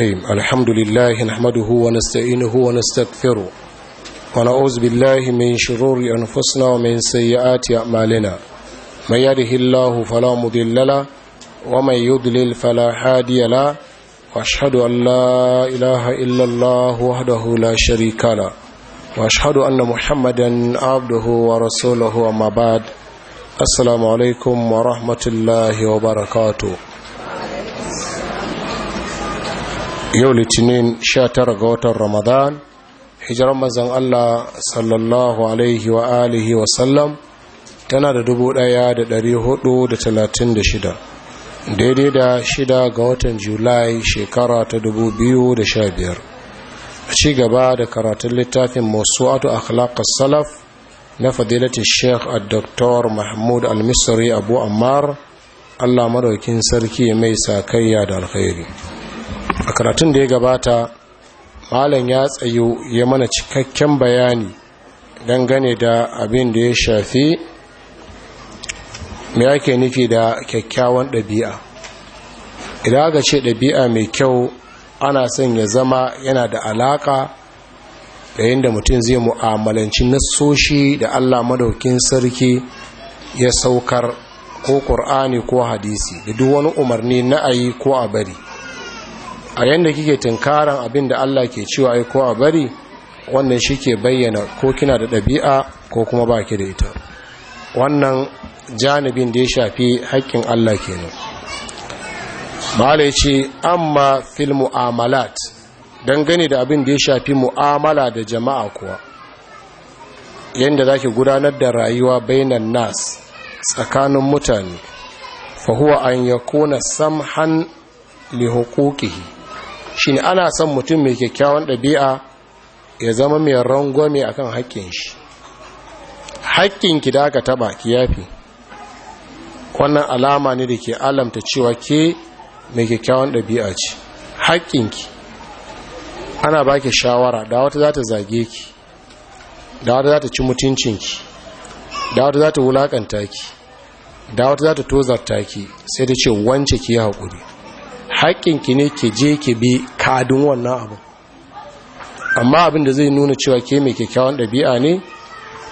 الرحيم الحمد لله نحمده ونستعينه ونستغفره ونعوذ بالله من شرور أنفسنا ومن سيئات أعمالنا من يده الله فلا مضل له ومن يضلل فلا هادي له واشهد أن لا إله إلا الله وحده لا شريك له واشهد أن محمدا عبده ورسوله وما بعد السلام عليكم ورحمة الله وبركاته yau litinin 19 ga watan ramadan hijirar mazan allah sallallahu alaihi wa alihi ɗari tana da 1436 daidai da shida ga watan julai shekara ta 2015 a ci gaba da karatun littafin masu'atu akhlaqas salaf na fadilatin sheikh a doktor mahmud al-misri abu ammar allah maraukin sarki mai sakayya da alkhairi a karatun da ya gabata malam ya tsayo ya mana cikakken bayani dangane da abin da ya shafi mai ake nufi da kyakkyawan ɗabi'a idan aka ce ɗabi'a mai kyau ana son ya zama yana da alaƙa da yadda mutum zai mu'amalanci nassoshi da allah madaukin sarki ya saukar ko ƙur'ani ko hadisi da duk wani umarni na ayi ko a bari a yadda kike tunkaran abin da Allah ke cewa ai kowa a bari wannan shi ke bayyana ko kina da ɗabi'a ko kuma ba ki da ita wannan janibin da ya shafi haƙƙin Allah kenan ya ce amma fil mu'amalat dangane da abin da ya shafi mu'amala da jama'a kuwa yadda za ki gudanar da rayuwa bainan nas tsakanin mutane fahuwa an yakuna samhan li hukukihi Shin ana son mutum mai kyakkyawan ɗabi'a ya zama mai rangwame akan haƙƙin shi haƙƙin ki da aka taɓa ki yafi wannan alama ne da ke alamta cewa ke mai kyakkyawan ɗabi'a ce haƙƙinki ana ba ki shawara da wata za ta zage ki da wata za ta ci mutuncinki da wata za ta wulaƙanta ki da wata za ta tozarta ki sai ta ce wance ki yi haƙuri haƙƙinki ne ke je ki bi kadin wannan abu amma abin da zai nuna cewa ke mai kyakkyawan ɗabi'a ne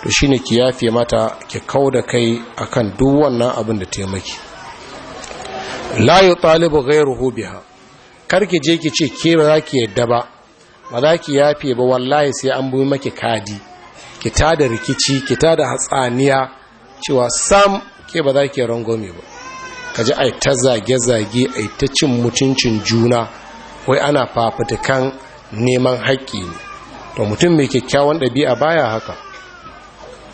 to shine ki yafe mata ki kau da kai a kan duk wannan abin da taimaki la yutalibu gairu biha kar ki je ki ce ke ba za ki yadda ba ba za ki yafe ba wallahi sai an bai maki kadi ki ta da rikici ki da hatsaniya cewa sam ke ba za ki rangome ba Ka kaji ai ta zage zage ai ta cin mutuncin juna wai ana fafutukan neman haƙƙi ne to mutum mai kyakkyawan ɗabi'a baya haka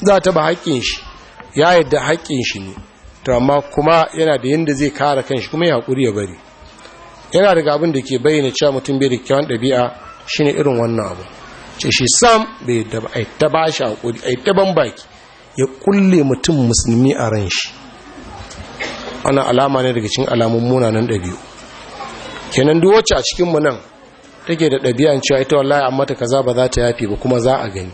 za ta ba haƙƙin shi ya yadda haƙƙin shi ne to amma kuma yana da yadda zai kare kanshi kuma ya haƙuri ya bari yana daga abin da ke bayyana cewa mutum bai da kyawun ɗabi'a shine irin wannan abu ce shi sam bai da ai ta ba shi haƙuri ai ta ban baki ya kulle mutum musulmi a ran shi ana alama ne daga cikin alamun munanan ɗabi'u kenan duk wacce a cikin mu nan take da ɗabi'an cewa ita wallahi amma ta kaza ba za ta yafi ba kuma za a gani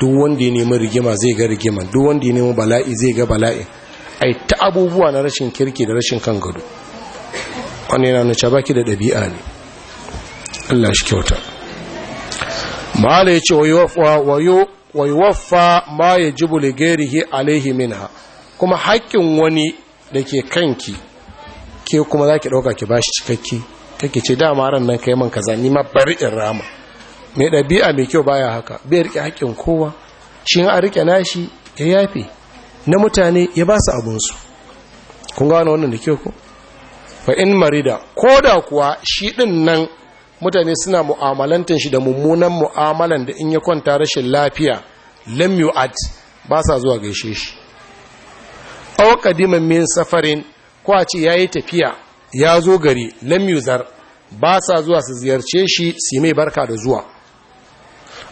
duk wanda ya nemi rigima zai ga rigima duk wanda ya nemi bala'i zai ga bala'i ai ta abubuwa na rashin kirki da rashin kan gado wani yana nace baki da ɗabi'a ne Allah shi kyauta mala yace wayo wayuwaffa ma yajibu li ghairihi alayhi minha kuma haƙƙin wani da ke kanki ke kuma zaki ɗauka ki bashi cikakki take ce dama ran nan kai man kaza ni ma bari in rama mai ɗabi'a mai kyau baya haka bai rike haƙƙin kowa shi a rike nashi ya yafe na mutane ya ba su su kun gano wannan da kyau ko fa in marida ko da kuwa shi ɗin nan mutane suna mu'amalantar shi da mummunan mu'amalan da in ya kwanta rashin lafiya lam yu'at ba sa zuwa gaishe shi aw qadiman min safarin ko a ce yayi tafiya ya zo gari lam yuzar ba sa zuwa su ziyarce shi su mai barka da zuwa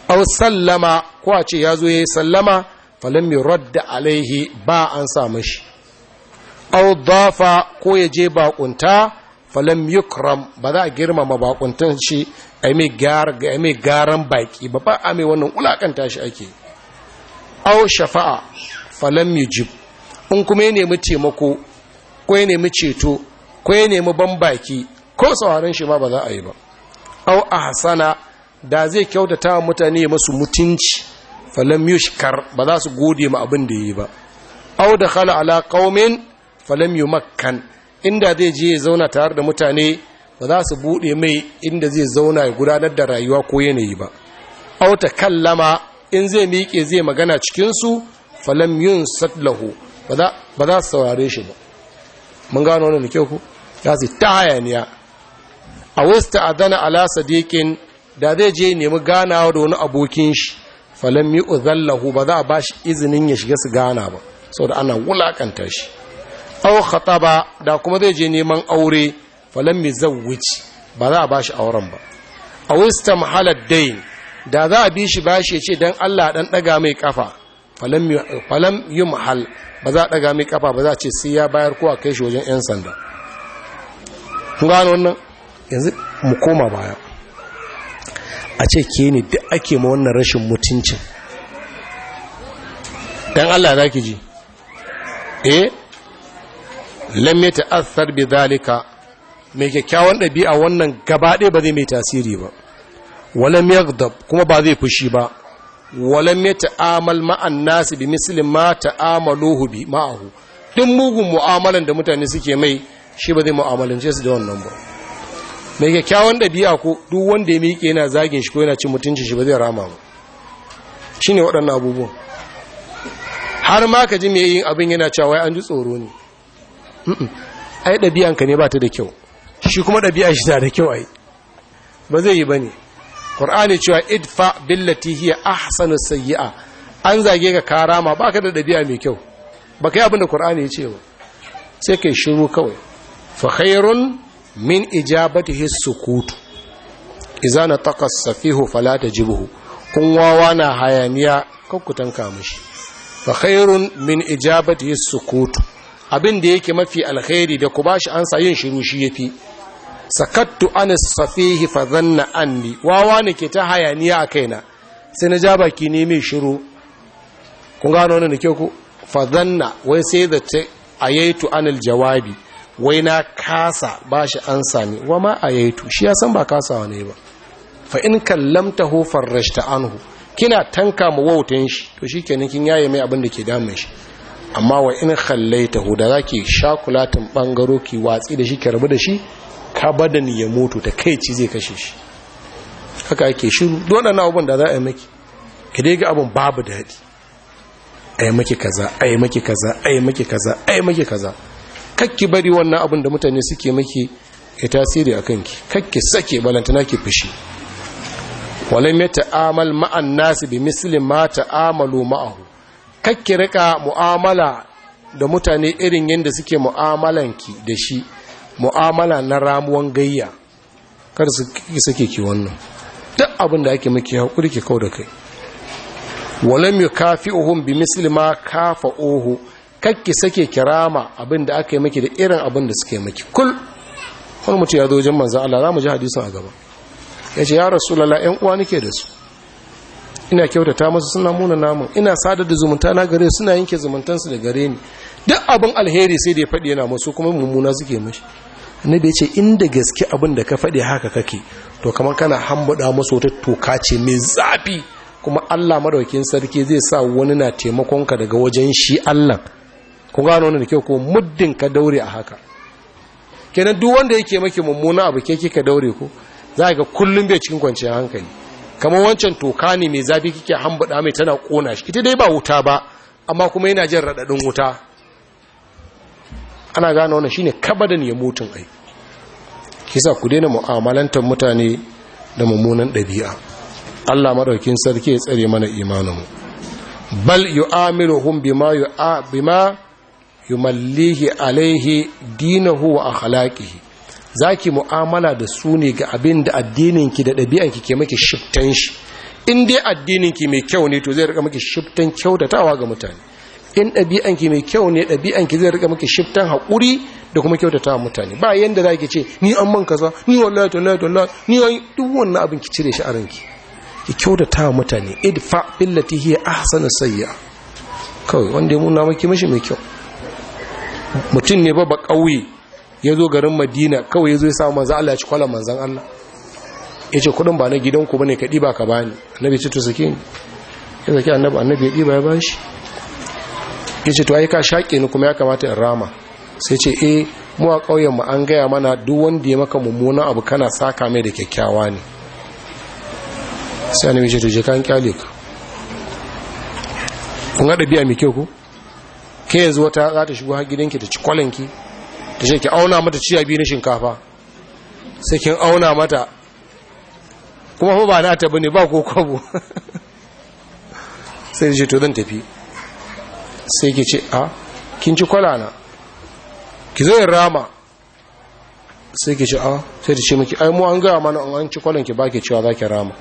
aw sallama ko a ce ya zo ya yi sallama falam yuradda alaihi ba an sa mashi aw dafa ko ya je bakunta falam yukram ba za a girmama bakuntan shi a mai garan baki ba ba a mai wannan wulakanta shi ake aw shafa'a falam yujib in kuma ya nemi taimako ko ya nemi ceto ko ya nemi baki. ko sauraron shi ma ba za a yi ba au hasana da zai kyautata wa mutane masu mutunci falam yushkar ba za su gode ma abin da yi ba au da khala ala qaumin falam yumakkan inda zai je ya zauna tare da mutane ba za su bude mai inda zai zauna ya gudanar da rayuwa ko yanayi ba au ta kallama in zai miƙe zai magana cikin su falam yunsat ba za su saurare shi ba mun gano wannan da kyau ku ya su ta hayaniya a wasu ta'adana ala sadiqin da zai je nemi ganawa da wani abokin shi falam yi uzallahu ba za a ba shi izinin ya shiga su gana ba sau ana wulakanta shi au khataba da kuma zai je neman aure falam yi wuce? ba za a ba shi auren ba a ta mahalar dain da za a bi shi bashi ya ce don allah dan daga mai ƙafa, falam yi mahal ba za a ɗaga mai kafa ba za a ce sai ya bayar ko a kai shi wajen 'yan sanda kun gano wannan yanzu mu koma baya a ce ke ne duk ake ma wannan rashin mutuncin dan Allah za ki ji eh ta ta bi zalika mai kyakkyawan ɗabi'a wannan gaba ɗaya ba zai mai tasiri ba walam yaghdab kuma ba zai fushi ba walam ya ta'amal ma'an nasu bi mislin ma ma'ahu duk mugun mu'amalan da mutane suke mai shi ba zai mu'amalance su da wannan ba mai kyakkyawan ɗabi'a ko duk wanda ya miƙe yana zagin shi ko yana cin mutunci shi ba zai rama ba shi ne waɗannan abubuwan har ma ka ji mai yin abin yana cewa an ji tsoro ne ai ka ne ba ta da kyau shi kuma ɗabi'a shi na da kyau ai ba zai yi ba ne qur'ani cewa idfa billati hiya ahsanu sayyi'a an zage ka karama baka da dabi'a mai kyau baka abin da qur'ani ya ce ba sai kai shiru kawai fa khairun min ijabatihi sukut idza nataqa safihu fala tajibuhu kun wawa na hayaniya kakkutan mushi fa khairun min ijabatihi sukut abin da yake mafi alkhairi da ku bashi ansa yin shiru shi yafi sakattu anis safihi fa zanna anni wawa ne ke ta hayaniya a kaina sai na ja baki ne mai shiru kun gano ne ke ku fa zanna wai sai da ta ayaitu anil jawabi wai na kasa ba shi an sami wa ma ayaitu shi ya san ba kasawa ne ba fa in kallamtahu farrashta anhu kina tanka mu wautan shi to shikenan kin yaye mai abin da ke damun shi amma wa in khallaitahu da zaki shakulatin bangaro ki watsi da shi ki rabu da shi ni ya mutu ta kai ci zai kashe shi haka ake shiru dole na abin da za a yi maki ka dai ga abin babu daɗi a yi maki kaza a yi maki kaza a yi maki kaza a yi maki kaza kakki bari wannan abun da mutane suke maki ya tasiri a kanki kakki sake balantana ki fushi walai mai ta'amal ma'an nasi bi misli ma ta'amalu ma'ahu kakki rika mu'amala da mutane irin yadda suke mu'amalanki da shi mu'amala na ramuwan gayya kar su sake ki wannan duk abin da ake maki hakuri ki kau da kai walam yukafi'uhum bi misli ma kafa'uhu kakki sake kirama abin da aka yi maki da irin abin da suka yi maki kul wani mutum ya zo wajen manzo Allah za mu ji hadisin a gaba ya ce ya rasulullah yan uwa nake da su ina kyautata musu suna muna namun ina sadar da zumunta na gare suna yanke zumuntansu da gare ni duk abin alheri sai da ya faɗi yana masu kuma mummuna suke mashi da ya ce inda gaske abin da ka faɗi haka kake to kamar kana hambuda masu wata toka ce mai zafi kuma Allah madaukin sarki zai sa wani na taimakon ka daga wajen shi Allah ku gano wani da kyau ko muddin ka daure a haka kenan duk wanda yake maki mummuna abu ke kika daure ko za ga kullum bai cikin kwanciyar hankali kamar wancan toka ne mai zafi kike hambaɗa mai tana kona shi ita dai ba wuta ba amma kuma yana jin raɗaɗin wuta ana gane wannan shine kabadan ya mutun ai kisa ku daina mu'amalantar mutane da mummunan ɗabi'a Allah madaukin sarki ya tsare mana imaninmu bal yu'amiluhum bima yu'a bima yumallihi alaihi dinahu wa akhlaqihi zaki mu'amala da su ne ga abin da addininki da ɗabi'anki ke maki shiftan shi in dai addininki mai kyau ne to zai rika maki shiftan kyautatawa ga mutane in ɗabi'anki mai kyau ne ɗabi'anki zai rika maki shiftan haƙuri da kuma kyautata mutane ba yanda za ki ce ni an man kaza ni wallahi tallahi tallahi ni wa duk wannan abin ki cire shi a ranki ki kyautata mutane idfa billati hiya ahsanu sayyi'a kawai wanda mun na maki mashi mai kyau mutum ne ba ba kauye ya zo garin madina kawai ya zo ya samu manzan Allah ya ci kwalan manzan Allah ya ce kudin ba na gidanku ba ne ka ɗiba ka bani annabi ce to sake ni ya sake annabi annabi ya ɗiba ya bashi ya ce to ai ka shaƙe ni kuma ya kamata in rama sai ce eh mu a ƙauyen mu an gaya mana duk wanda ya maka mummunan abu kana saka mai da kyakkyawa ne sai annabi ce to je kan kyale ka kun ga dabi'a mai kyau ko ke yanzu wata za ta shigo har gidanki ta ci kwalanki ta ce ki auna mata ciya biyu na shinkafa sai kin auna mata kuma ba na ta bane ba ko kwabo sai ce to zan tafi sai ke ce a ah, kin ci kwalana ki zai rama sai ke ce a ah, sai ta ce miki ai mu an gaya mana an ci kwalan ki baki cewa za ki rama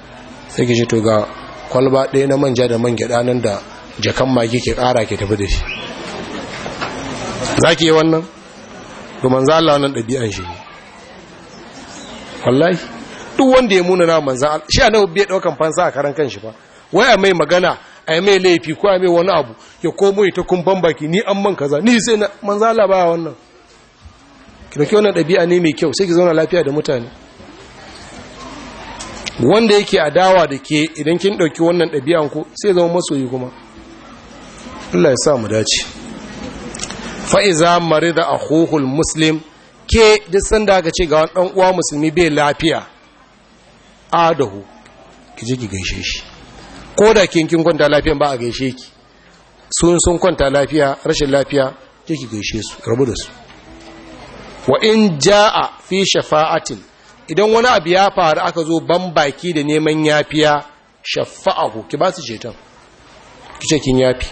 sai ke ce to ga kwalba ɗaya na manja da man gyaɗa nan da jakan magi ke ƙara ke tafi da shi za ki yi wannan domin za Allah wannan ɗabi'an shi ne wallahi duk wanda ya muna na manzan shi a nan biya ɗaukan fansa a karan kan shi ba waya mai magana a mai laifi ko a mai wani abu ya komo ita kun baki ni an man kaza ni sai na manzala ba wannan ki wannan ɗabi'a ne mai kyau sai ki zauna lafiya da mutane wanda yake adawa da ke idan kin ɗauki wannan ɗabi'an ku sai zama masoyi kuma Allah ya sa mu dace fa iza marida akhuhul muslim ke duk sanda aka ce ga wani ɗan uwa musulmi bai lafiya adahu ki ji ki gaishe shi ko da kin kin kwanta lafiya ba a gaishe ki sun sun kwanta lafiya rashin lafiya kike gaishe su rabu da su wa in jaa fi shafa'atin idan wani abu ya faru aka zo ban baki da neman yafiya shafa'ahu ki ba su ki ce kin yafi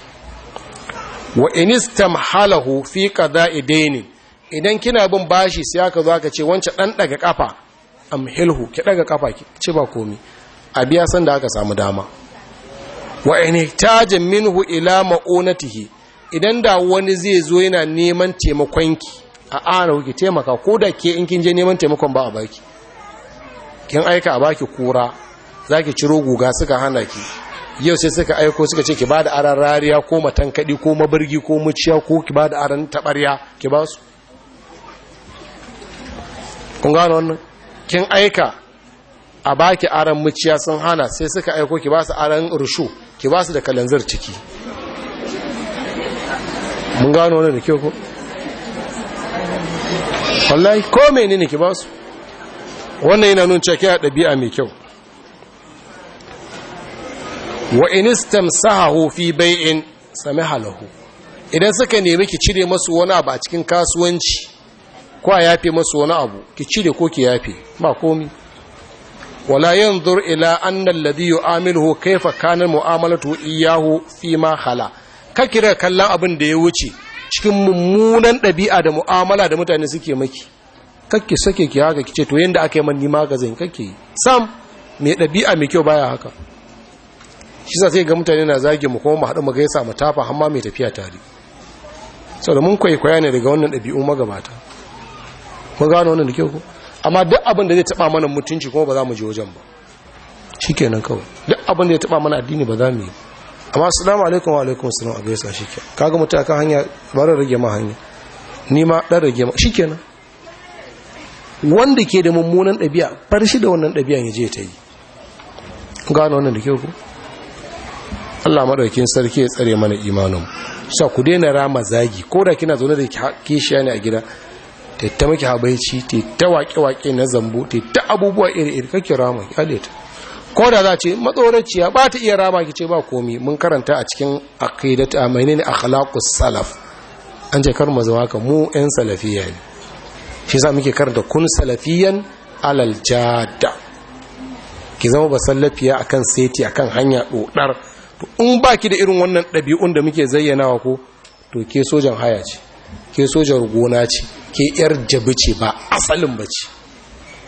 wa in istamhalahu fi qada'i dainin idan kina bin bashi sai aka zo aka ce wancan dan daga kafa amhilhu ki daga kafa ki ce ba komi a biya san da aka samu dama wa inihtajin minhu ila ma'unatihi idan da wani zai zo yana neman taimakonki a ana kuke taimaka ko da ke in kin je neman taimakon ba a baki kin aika a baki kura zaki ciro guga suka hana ki yau sai suka aiko suka ce ki ba da aran rariya ko matankadi ko mabirgi ko muciya ko ki ba da aran tabarya ki ba su kun gano wannan kin aika a baki aran muciya sun hana sai suka aiko ki ba su aran rushu ki ba su da kalanzar ciki mun gano wani da kyau ko wallahi ko ne ki ba su wannan yana nun cakiya ɗabi'a mai kyau wa inistam sahahu fi bai'in sami halahu idan suka nemi ki cire masu wani abu a cikin kasuwanci ko a yafe masu wani abu ki cire ko ki yafe ba komi wala yanzur ila anna alladhi yu'amiluhu kayfa kana mu'amalatu iyyahu fi ma khala ka kallon abin da ya wuce cikin mummunan ɗabi'a da mu'amala da mutane suke maki kakki sake ki haka kice to yanda aka yi man nima ga zan kake sam mai ɗabi'a mai kyau baya haka shi sai ga mutane na zage mu kuma mu mu gaisa mu tafa hamma mai tafiya tare sau mun kwaikwaya ne daga wannan ɗabi'u magabata mun gano wannan da kyau ko amma duk abin da zai taba mana mutunci kuma ba za mu je wajen ba shikenan kawai duk abin da ya taba mana addini ba za mu yi amma assalamu alaikum wa alaikum assalam a gaisa shike kaga mutum akan hanya ba da rage ma hanya ni ma dan rage ma shikenan wanda ke da mummunan ɗabi'a bar shi da wannan ɗabi'a ya je ta yi gano wannan da ke ku Allah madaukin sarki ya tsare mana imanin sa ku daina rama zagi ko da kina zaune da kishiya ne a gida ta ta maki habaici ta ta wake-wake na zambo ta ta abubuwa iri-iri kake rama ya leta ko da za ce matsoraciya ba ta iya rama ki ce ba komi mun karanta a cikin mai nini akhlaqus salaf an ce kar mu zama ka mu yan salafiya ne shi za muke karanta kun salafiyan alal jada ki zama ba a akan seti akan hanya dodar to in ba ki da irin wannan ɗabi'un da muke zayyana wa ko to ke sojan haya ce ke sojan gona ce ke yar jabi ce ba asalin ba ce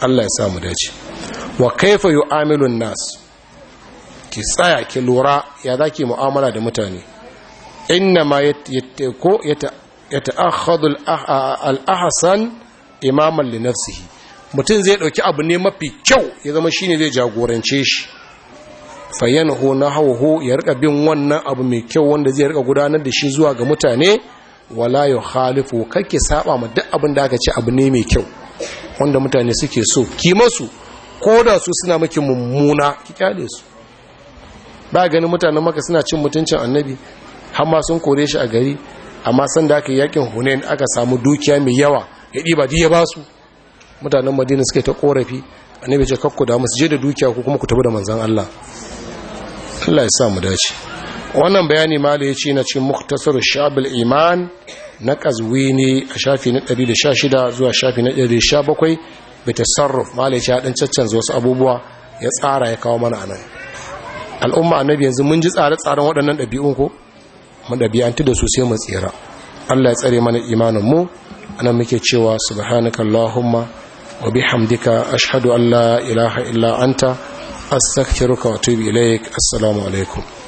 Allah ya samu dace wa kaifa yu'amilun nas ki tsaya ki lura ya zaki mu'amala da mutane inna ma yattako yata'akhadhu al imaman li nafsihi mutum zai dauki abu ne mafi kyau ya zama shine zai jagorance shi na nahawhu ya rika bin wannan abu mai kyau wanda zai rika gudanar da shi zuwa ga mutane wala halifu kake saba ma duk abin da aka ce abu ne mai kyau wanda mutane suke so ki masu ko da su suna maki mummuna ki kyale su ba ganin mutanen maka suna cin mutuncin annabi har ma sun kore shi a gari amma san da aka yakin hunain aka samu dukiya mai yawa ya ɗiba ya ba su mutanen madina suke ta korafi annabi ce kakku da musu je da dukiya ko kuma ku tabu da manzan Allah Allah ya sa mu dace wannan bayani mala ya ce na cin muktasar shabil iman na ne a shafi na 116 zuwa shafi na 117 bai tasarruf mala ya ce haɗin caccanzu wasu abubuwa ya tsara ya kawo mana anan al'umma annabi yanzu mun ji tsare-tsaren waɗannan ɗabi'un ko mun ɗabi'antu da su sai mu tsira Allah ya tsare mana imanin mu anan muke cewa subhanaka allahumma wa bihamdika ashhadu an la ilaha illa anta astaghfiruka wa atubu ilaik assalamu alaikum